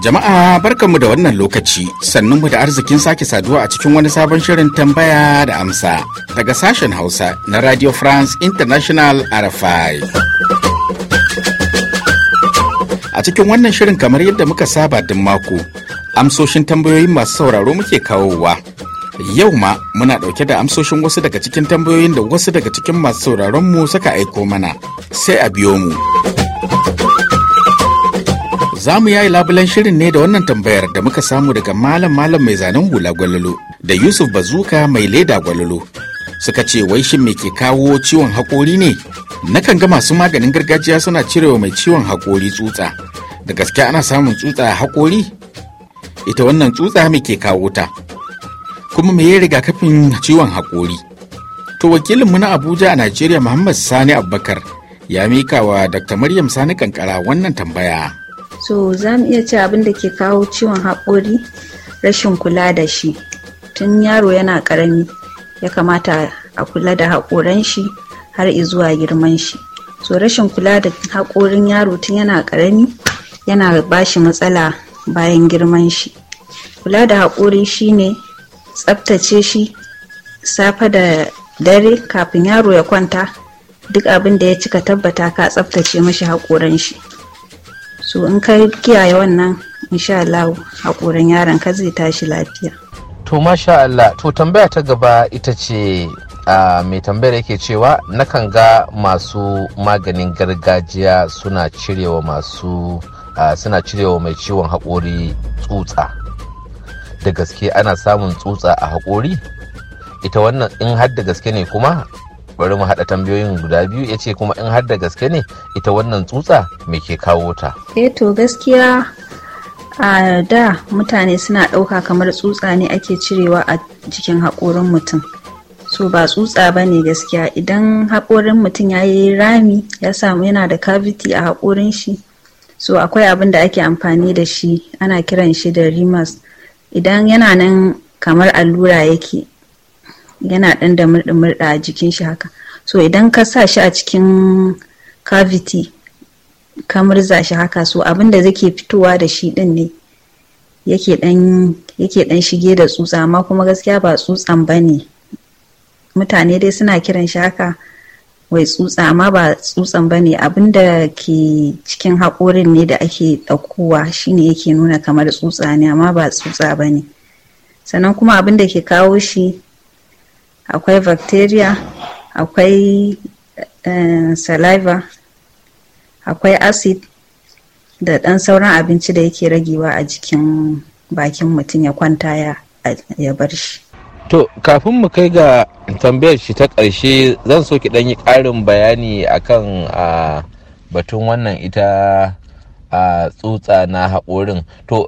Jama'a barkanmu da wannan lokaci sannunmu da arzikin sake saduwa a cikin wani sabon shirin tambaya da amsa daga sashen Hausa na Radio France International RFI. A cikin wannan shirin kamar yadda muka saba din mako, amsoshin tambayoyin masu sauraro muke kawowa. Yau ma muna ɗauke da amsoshin wasu daga cikin tambayoyin da wasu daga cikin masu sauraron mu suka aiko mana. Sai a biyo mu. Za mu yayi labulen shirin ne da wannan tambayar da muka samu daga malam malam mai zanen hula gwalolo da Yusuf Bazuka mai leda gwalolo. Suka ce wai shin me ke kawo ciwon hakori ne? Nakan ga masu maganin gargajiya suna cirewa mai ciwon haƙori tsutsa. Da gaske ana samun tsutsa a haƙori? Ita wannan tsutsa mai ke kawo ta? Kuma mai ya rigakafin ciwon haƙori? To wakilinmu na Abuja a Najeriya Muhammad Sani Abubakar ya mika wa Dr. Maryam Sani Kankara wannan tambaya. So za mu iya ce abin da ke kawo ciwon haƙori rashin kula da shi. Tun yaro yana ƙarami ya kamata a kula da haƙoran shi har izuwa girman shi so rashin kula da haƙorin yaro tun yana ƙarami yana bashi matsala bayan girman shi kula da haƙori shine tsaftace shi safe da dare kafin yaro ya kwanta duk abin da ya cika tabbata ka tsaftace mashi haƙoran shi so in ka kiyaye wannan insha Allah haƙoran yaron ka zai tashi lafiya to masha Allah to tambaya ta gaba ita ce mai tambayar yake cewa nakan ga masu maganin gargajiya suna cirewa masu suna cirewa mai ciwon haƙori tsutsa da gaske ana samun tsutsa a haƙori ita wannan in har da gaske ne kuma bari mu haɗa tambayoyin guda biyu ya ce kuma in har da gaske ne ita wannan tsutsa me ke kawo ta eh to gaskiya a da mutane suna ɗauka kamar tsutsa ne ake cirewa a jikin haƙorin mutum so ba tsutsa ba ne gaskiya idan haƙorin mutum ya yi rami ya samu yana da cavity a haƙorin shi so akwai abin da ake amfani da shi ana kiran shi da rimas idan yana nan kamar allura yake yana ɗan da murɗa a jikin shi haka so idan ka sa shi a cikin cavity ka murza shi haka so abin da zai fitowa da shi ɗin ne yake ɗan shige da tsutsa amma kuma gaskiya ba tsutsan ba ne mutane dai suna kiran shi haka wai tsutsa amma ba tsutsan ba ne abinda ke cikin haƙorin ne da ake ɗaukowa shine yake nuna kamar tsutsa ne amma ba tsutsa ba ne sannan kuma abinda ke kawo shi akwai bacteria akwai eh, saliva akwai acid da ɗan sauran abinci da yake ragewa a jikin bakin mutum ya kwanta ya bar shi to kafin mu kai ga tambayar shi ta ƙarshe zan so ki ɗan yi ƙarin bayani akan a batun wannan ita a tsutsa na haƙorin to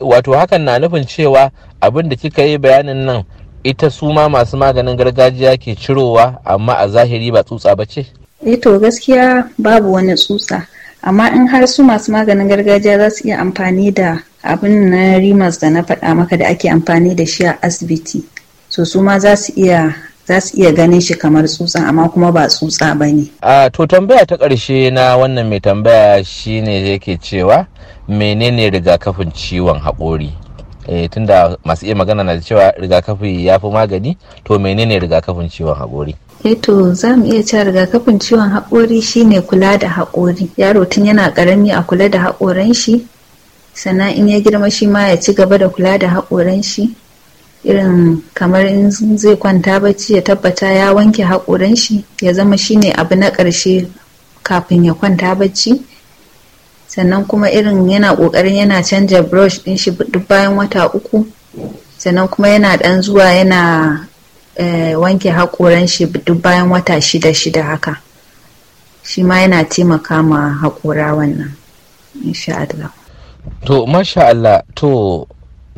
wato hakan na nufin cewa abin da kika yi bayanin nan ita su ma masu maganin gargajiya ke cirowa amma a zahiri ba tsutsa ba ce? Eh to gaskiya babu wani tsutsa amma in har su masu maganin gargajiya za su iya amfani da abin na rimas da na faɗa maka da ake amfani da shi a asibiti so su ma za su iya za su iya ganin shi kamar tsutsa amma kuma ba tsutsa ba ne. a to tambaya ta ƙarshe na wannan mai tambaya shine yake cewa menene rigakafin ciwon haƙori e, tunda masu iya magana na cewa rigakafi ya fi magani to menene rigakafin ciwon haƙori eto eh za mu iya cewa rigakafin ciwon haƙori shine kula da haƙori yaro tun yana ƙarami a kula da haƙoran shi sannan in ya girma shi ma ya ci gaba da kula da haƙoran shi irin kamar in zai kwanta bacci ya tabbata ya wanke haƙoran shi ya zama shine abu na ƙarshe kafin ya kwanta bacci sannan kuma irin yana ƙoƙarin yana canja brush ɗin shi duk bayan wata uku sannan kuma yana ɗan zuwa yana Eh, wanke haƙoran shi duk bayan wata shida shida haka shi ma yana taimaka ma haƙora wannan insha Allah to masha Allah to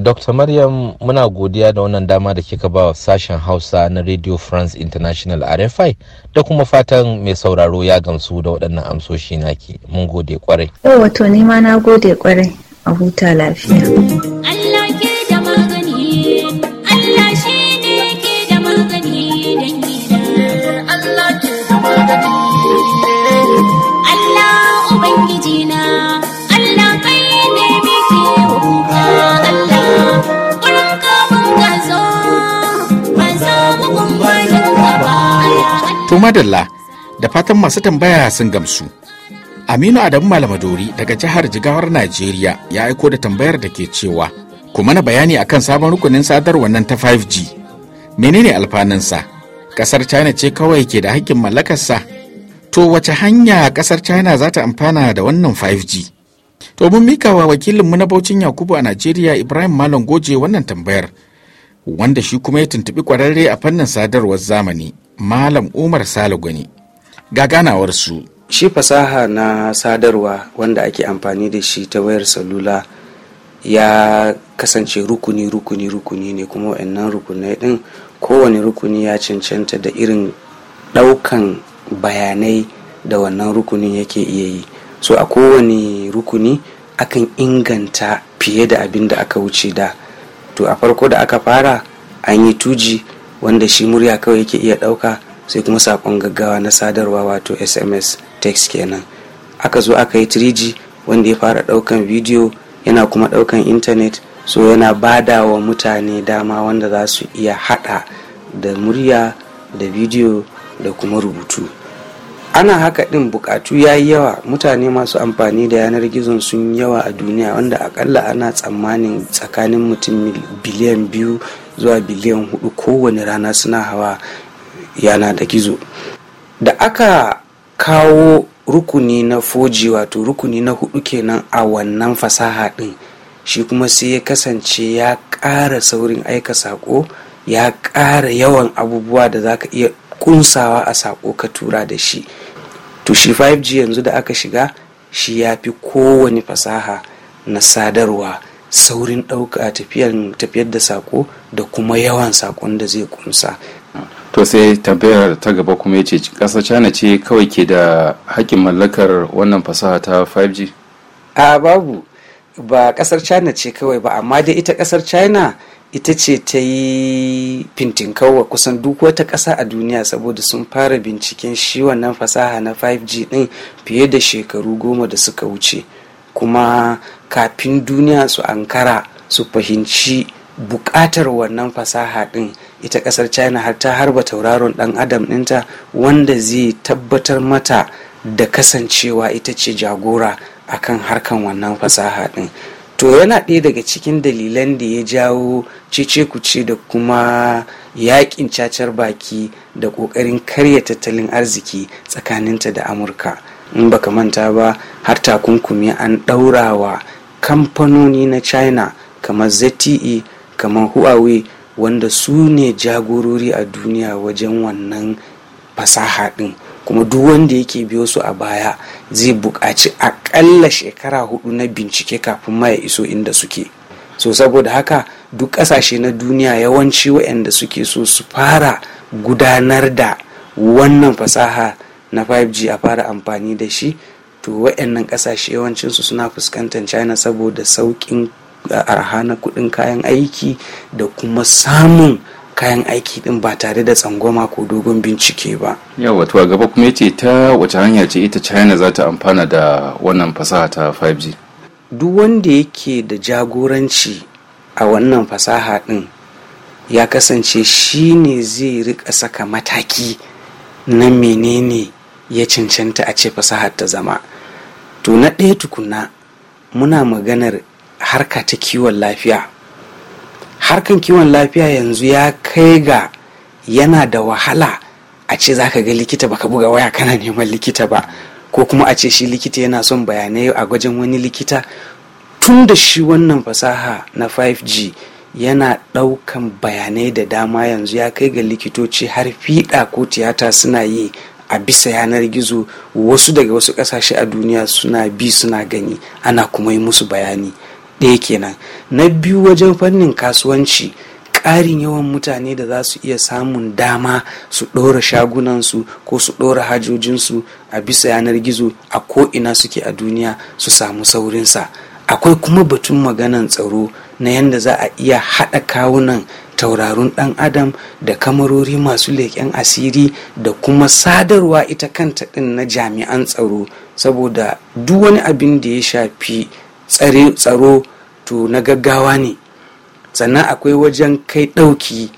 Dr. Maryam muna godiya da wannan dama da kika ba wa sashen Hausa na Radio France International RFI da kuma fatan mai sauraro ya gamsu da waɗannan amsoshi naki. Mun gode kwarai. Yau wato nima na gode kwarai a huta lafiya. madalla da fatan masu tambaya sun gamsu. Aminu Adamu Malamadori daga jihar Jigawar Najeriya ya aiko da tambayar da ke cewa, kuma na bayani akan sabon rukunin sadarwar nan ta 5G. Menene alfanansa Kasar China ce kawai ke da hakkin mallakarsa? To wace hanya kasar China za ta amfana da wannan 5G? To mun mika wa wakilinmu na Baucin Yakubu a Najeriya Ibrahim Malam Goje wannan tambayar, wanda shi kuma ya tuntuɓi kwararre a fannin sadarwar zamani Malam Umar Sale Gwani. Ga ganawarsu. Shi fasaha na sadarwa wanda ake amfani da shi ta wayar salula ya kasance rukuni rukuni rukuni ne kuma wa'annan rukunai din kowane rukuni ya cancanta da irin ɗaukan bayanai da wannan rukunin yake iya yi so a kowane rukuni akan inganta fiye da abin da aka wuce da to a farko da aka fara an yi tuji wanda shi murya kawai yake iya ɗauka sai kuma saƙon gaggawa na sadarwa wato sms text kenan aka zo aka yi 3g wanda ya fara ɗaukan bidiyo yana kuma ɗaukan intanet so yana bada wa mutane dama wanda za su iya haɗa da murya da bidiyo da kuma rubutu ana haka ɗin bukatu ya yi yawa mutane masu amfani da yanar gizon sun yawa a duniya wanda akalla ana tsammanin tsakanin mutum biliyan biyu zuwa biliyan hudu kowane rana suna hawa yana da gizo da aka kawo rukuni na foji wato rukuni na hudu kenan a wannan fasaha din shi kuma sai ya kasance ya ƙara saurin aika sako ya ƙara yawan abubuwa da za ka iya kunsawa a sako ka tura da shi to shi 5g yanzu da aka shiga shi ya fi kowane fasaha na sadarwa saurin ɗauka tafiyar da sako da kuma yawan sakon da zai kunsa to sai tambayar ta gaba kuma ya ce ƙasar china ce kawai ke da haƙƙin mallakar wannan fasaha ta 5g a babu ba ƙasar china ce kawai ba amma dai ita ƙasar china ita ce ta yi fintin kawai kusan duk wata ƙasa a duniya saboda sun fara binciken shi wannan fasaha na 5g ɗin fiye da shekaru goma da suka wuce. kuma kafin duniya su ankara su fahimci buƙatar wannan fasaha ɗin ita ƙasar china har ta harba tauraron ɗan adam ɗinta wanda zai tabbatar mata da kasancewa ita ce jagora akan harkan wannan fasaha ɗin to yana ɗaya daga cikin dalilan da ya jawo cece kuce da kuma yaƙin cacar baki da ƙoƙarin karya tattalin arziki tsakaninta da amurka in baka manta ba har takunkumi an ɗaurawa kamfanoni na china kamar zte kamar huawei wanda su ne jagorori a duniya wajen wannan fasaha ɗin kuma duk wanda yake biyo su a baya zai buƙaci aƙalla shekara hudu na bincike kafin ma ya iso inda suke so saboda haka duk ƙasashe na duniya yawanci waɗanda suke so su fara gudanar da wannan fasaha na 5G a fara amfani da shi to waɗannan ƙasashe yawancinsu suna fuskantar China saboda sauƙin arha na kuɗin kayan aiki da kuma samun kayan aiki ɗin ba tare da tsangwama ko dogon bincike ba. Yawa to a gaba kuma yace ta wace hanya ce ita China za ta amfana da wannan fasaha ta 5G? Duk wanda yake da jagoranci a wannan fasaha din ya kasance shi ne zai rika saka mataki na menene ya cancanta a ce fasahar ta zama to na ɗaya tukuna muna maganar harka ta kiwon lafiya harkan kiwon lafiya yanzu ya kai ga yana da wahala a ce za ka ga likita baka buga waya kana neman likita ba ko kuma a ce shi likita yana son bayanai a gwajin wani likita tun da shi wannan fasaha na 5g yana ɗaukan bayanai da dama yanzu ya kai ga likitoci har fiɗa ko tiyata suna yi a bisa yanar gizo wasu daga wasu kasashe a duniya suna bi suna gani ana kuma yi musu bayani ɗaya kenan na biyu wajen fannin kasuwanci ƙarin yawan mutane da za su iya samun dama su ɗora shagunansu ko su ɗora hajojinsu a bisa yanar gizo a ko'ina suke a duniya su samu saurinsa akwai kuma batun maganan tsaro na yadda za a iya haɗa kawunan tauraron dan adam da kamarori masu leƙen asiri da kuma sadarwa ita kanta ɗin na jami'an tsaro saboda duk wani abin da ya shafi tsaro to na gaggawa ne sannan akwai wajen kai ɗauki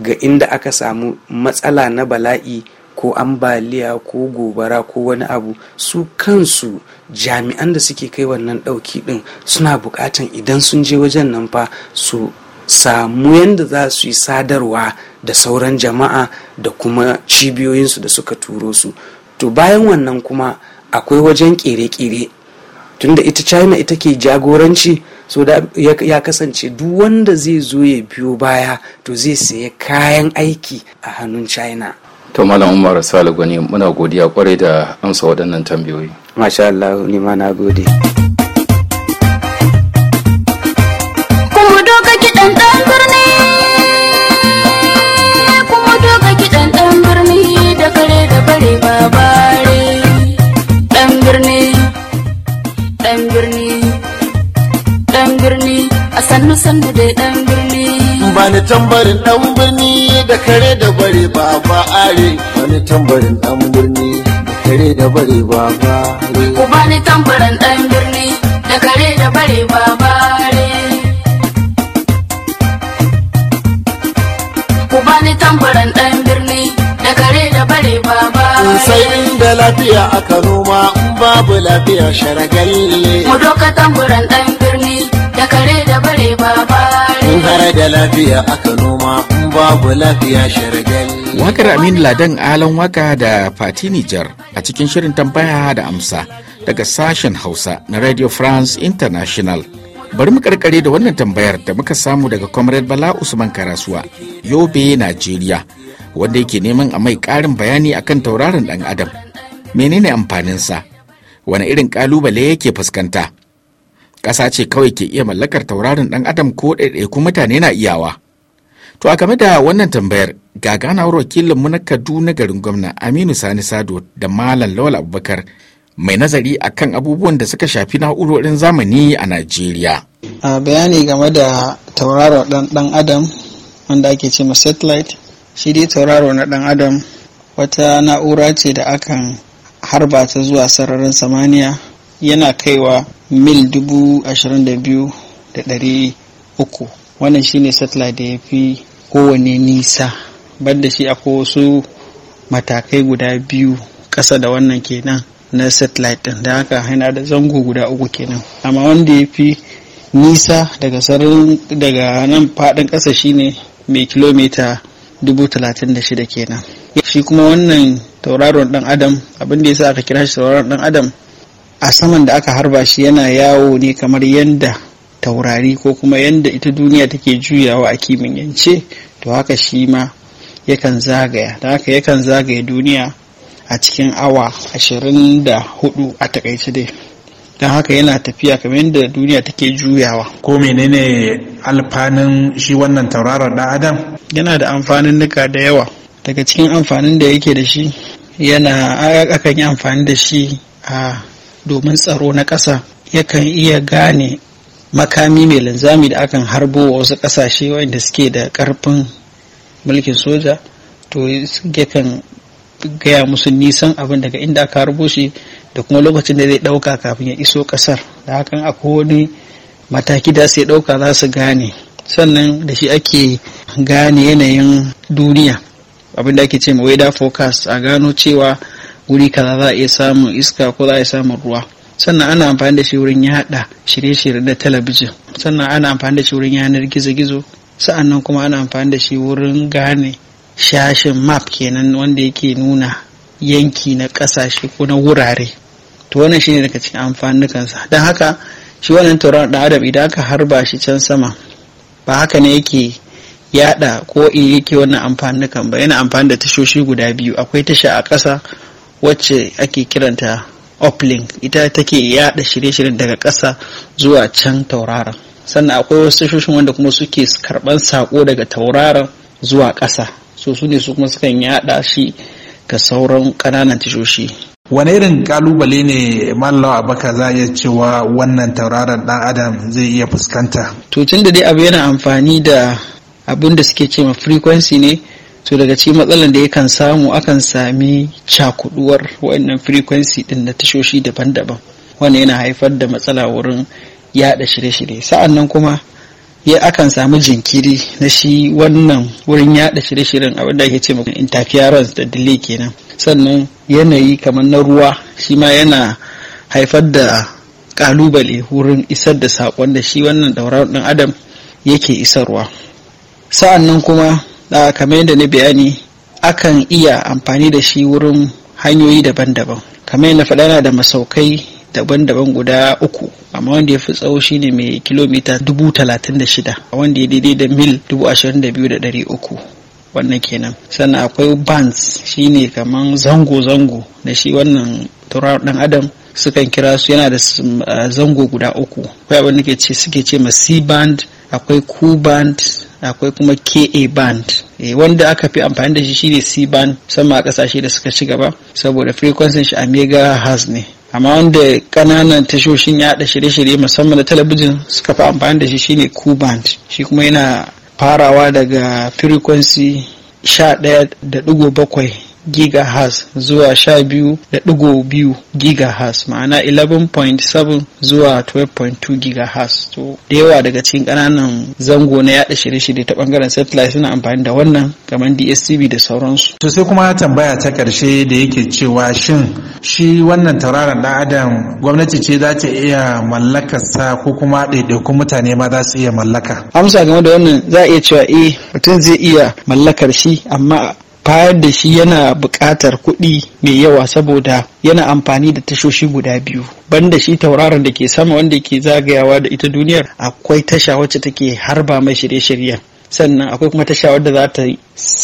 ga inda aka samu matsala na bala'i ko ambaliya ko gobara ko wani abu su kansu jami'an da suke kai wannan ɗauki ɗin suna buƙatan idan sun je wajen nan fa su samu yadda za su yi sadarwa da sauran jama'a da kuma cibiyoyinsu da suka turo su to bayan wannan kuma akwai wajen kere-kere tunda ita china ita ke jagoranci so da ya kasance duk wanda zai zo ya biyo baya to zai sayi kayan aiki a hannun china to malam umar salihu ne muna godiya kwarai da amsa waɗannan tambayoyi masha Allah ni ma na gode sannu san da dan birni ba ni tambarin dan birni da kare da bare ba ba are ba ni tambarin dan birni da kare da bare ba ba are ku ba ni tambarin dan birni da kare da bare ba ba are ku ba ni tambarin dan birni da kare da bare ba ba sai inda lafiya aka noma in babu lafiya sharagalle mu doka tamburan dan birni da Wakar Aminu Ladan Alon Waka da Fati Nijar a cikin shirin tambaya da amsa daga sashen Hausa na Radio France International. Bari mu karkare da wannan tambayar da muka samu daga Comrade Bala Usman Karasuwa, Yobe, Najeriya, wanda yake neman a mai ƙarin bayani akan tauraron ɗan Adam. Menene amfaninsa? Wani irin ƙalubale yake fuskanta? ƙasa ce kawai ke iya mallakar taurarin ɗan adam ko ɗaiɗaikun mutane na iyawa to a game da wannan tambayar ga ganawar wakilinmu na kaduna garin gwamna aminu sani sado da malam lawal abubakar mai nazari akan abubuwan da suka shafi na'urorin zamani a najeriya a bayani game da tauraro ɗan adam wanda ake ce ma satellite shi dai tauraro na ɗan adam wata na'ura ce da akan harba ta zuwa sararin samaniya yana kaiwa mil dubu ashirin da biyu da ɗari uku wannan shine satellite da ya fi kowane nisa da shi akwai wasu matakai guda biyu ƙasa da wannan kenan na satellite ɗin da haka yana da zango guda uku kenan amma wanda ya fi nisa daga sararin daga nan faɗin ƙasa shine mai kilomita 36 kenan shi kuma wannan tauraron ɗan adam abin da sa aka kira shi tauraron ɗan adam a saman da aka harba shi yana yawo ne kamar yadda taurari ko kuma yadda ita duniya take juyawa a kimin yance to haka shi ma yakan zagaya da haka yakan zagaya duniya a cikin awa 24 a takaice dai don haka yana tafiya kamar yadda duniya take juyawa ko menene alfanin shi wannan tauraron dan adam yana da amfanin nuka da yawa daga cikin amfanin da yake da shi yana akan yi amfani da shi a domin tsaro na ƙasa yakan iya gane makami mai linzami da akan harbo wa wasu ƙasashe wanda suke da ƙarfin mulkin soja to yakan gaya musu nisan abin daga inda aka harbo shi da kuma lokacin da zai ɗauka kafin ya iso ƙasar da hakan akwai wani mataki da su ɗauka za su gane sannan da shi ake gane yanayin duniya abin da ake ce ma weather forecast a gano cewa wuri kaza za a iya samun iska ko za a iya samun ruwa sannan ana amfani da shi wurin yaɗa shirye-shirye da talabijin sannan ana amfani da shi wurin yanar gizo-gizo sa'annan kuma ana amfani da shi wurin gane shashin map kenan wanda yake nuna yanki na ƙasashe ko na wurare to wannan shine daga cikin amfanukansa don haka shi wannan tauraron da adam idan aka harba shi can sama ba haka ne yake yada ko in yake wannan amfanukan ba yana amfani da tashoshi guda biyu akwai tasha a ƙasa wacce ake kiranta uplink ita take yada shirye-shiryen daga ƙasa zuwa can tauraron sannan akwai wasu tashoshin wanda kuma suke karban sako daga tauraron zuwa ƙasa so su ne su kuma sukan yada shi ga sauran ƙananan tashoshi wani irin kalubale ne mallawa baka za iya cewa wannan tauraron dan adam zai iya fuskanta to tun da dai abu yana amfani da abin da suke ce ma frequency ne to daga cikin matsalar da yakan samu akan sami cakuduwar wannan frequency din na tashoshi daban-daban wanda yana haifar da matsala wurin yada shirye-shirye sa'an kuma ya akan samu jinkiri na shi wannan wurin yada shirye-shiryen abin da ake ce maka interference da delay kenan sannan yanayi kamar na ruwa shi ma yana haifar da kalubale wurin isar da saƙon da shi wannan ɗaura ɗin adam yake isarwa sa'an kuma kamar yadda na bayani akan iya amfani da shi wurin hanyoyi daban-daban kamar yadda faɗa yana da masaukai daban-daban guda uku amma wanda ya fi tsawo ne mai kilomita dubu talatin da shida wanda ya daidai da mil dubu ashirin da biyu da ɗari uku wannan kenan sannan akwai bands shi ne kaman zango-zango da shi wannan turawa dan adam sukan kira su yana da zango guda uku akwai abin da ke ce suke ce ma c band akwai q band akwai kuma ka band eh, wanda aka fi amfani da shi shine c band musamman a kasashe da suka ci gaba saboda frequency shi a mega megahertz ne amma wanda kananan tashoshin yaɗa shirye-shirye musamman da talabijin suka fi amfani da shi shine q band shi kuma yana farawa daga frequency sha ɗaya da gigahertz zuwa sha biyu da ɗigo biyu gigahertz ma'ana 11.7 zuwa 12.2 gigahertz to da yawa daga cikin ƙananan zango na yaɗa shirye-shirye ta ɓangaren satellite suna amfani da wannan kamar DSTV da sauransu to sai kuma tambaya ta ƙarshe da yake cewa shin shi wannan tauraron ɗan adam gwamnati ce za ta iya mallakarsa ko kuma ɗaiɗaikun mutane ma za su iya mallaka amsa game da wannan za a iya cewa eh mutum zai iya mallakar shi amma fayar da shi yana buƙatar kuɗi mai yawa saboda yana amfani da tashoshi guda biyu banda shi tauraron da ke sama wanda ke zagayawa da ita duniyar akwai tasha wacce take harba mai shirye-shiryen sannan akwai kuma tasha wadda za ta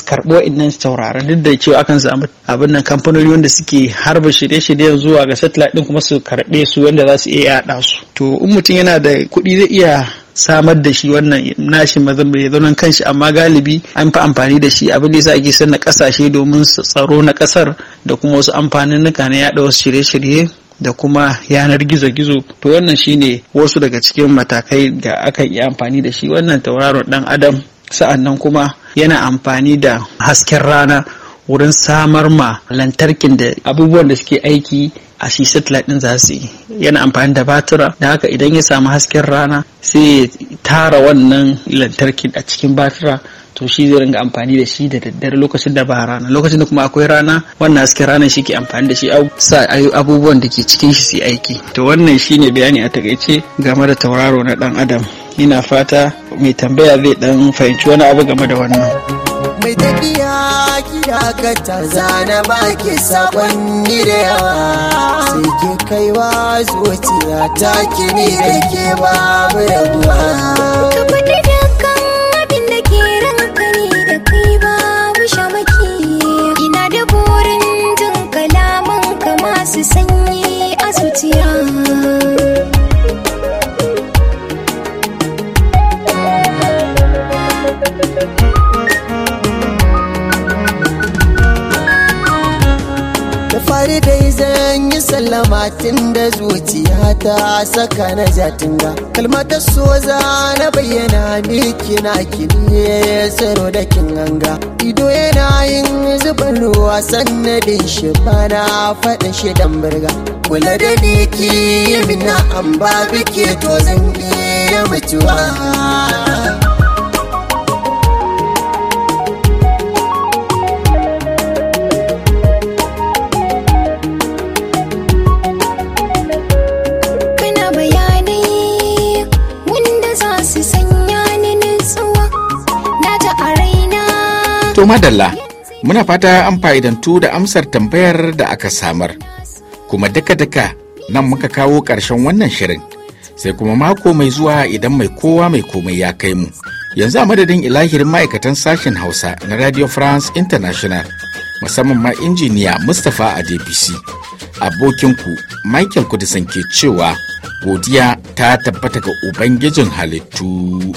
karɓo innan tauraron duk da cewa akan samu abin nan kamfanoni wanda suke harba shirye-shiryen zuwa ga satellite ɗin kuma su karɓe su wanda za su iya yaɗa su to in mutum yana da kuɗi zai iya samar da shi wannan nashi mazan bai zaunan kanshi amma galibi an fi amfani da shi abin da yasa ake sanna kasashe domin tsaro na kasar da kuma wasu amfanin nuka na yaɗa wasu shirye-shirye da kuma yanar gizo-gizo to wannan shine wasu daga cikin matakai da aka yi amfani da shi wannan tauraron dan adam sa'annan kuma yana amfani da hasken rana wurin samar ma lantarkin da abubuwan da suke aiki a shi satellite din za su yi yana amfani da batura da haka idan ya samu hasken rana sai ya tara wannan lantarkin a cikin batura to shi zai ringa amfani da shi da daddare lokacin da ba rana lokacin da kuma akwai rana wannan hasken rana shi ke amfani da shi sa abubuwan da ke cikin shi su aiki to wannan shi ne bayani a takaice game da tauraro na dan adam ina fata mai tambaya zai dan fahimci wani abu game da wannan mai baki haka ta zana baki sakonni da yawa sai ke kaiwa zuciya ta kini da ke babu rabuwa bari dai zan yi sallama tun da zuciya ta saka na jatinga kalmatar soza na bayyana miki na kiriye tsaro da kinganga ido yana yin zuban ruwa sannadin shi bana faɗin shi dan birga kula da niki mina an ba biki to zan iya mutuwa To madalla, muna fata an fa'idantu da amsar tambayar da aka samar. Kuma daka-daka nan muka kawo ƙarshen wannan shirin. Sai kuma mako mai zuwa idan mai kowa mai komai ya kai mu. Yanzu a madadin ilahirin ma'aikatan sashen Hausa na Radio France International, musamman ma injiniya Mustapha a dbc Abokinku Michael Kudisan ke cewa godiya ta tabbata ga Ubangijin halittu.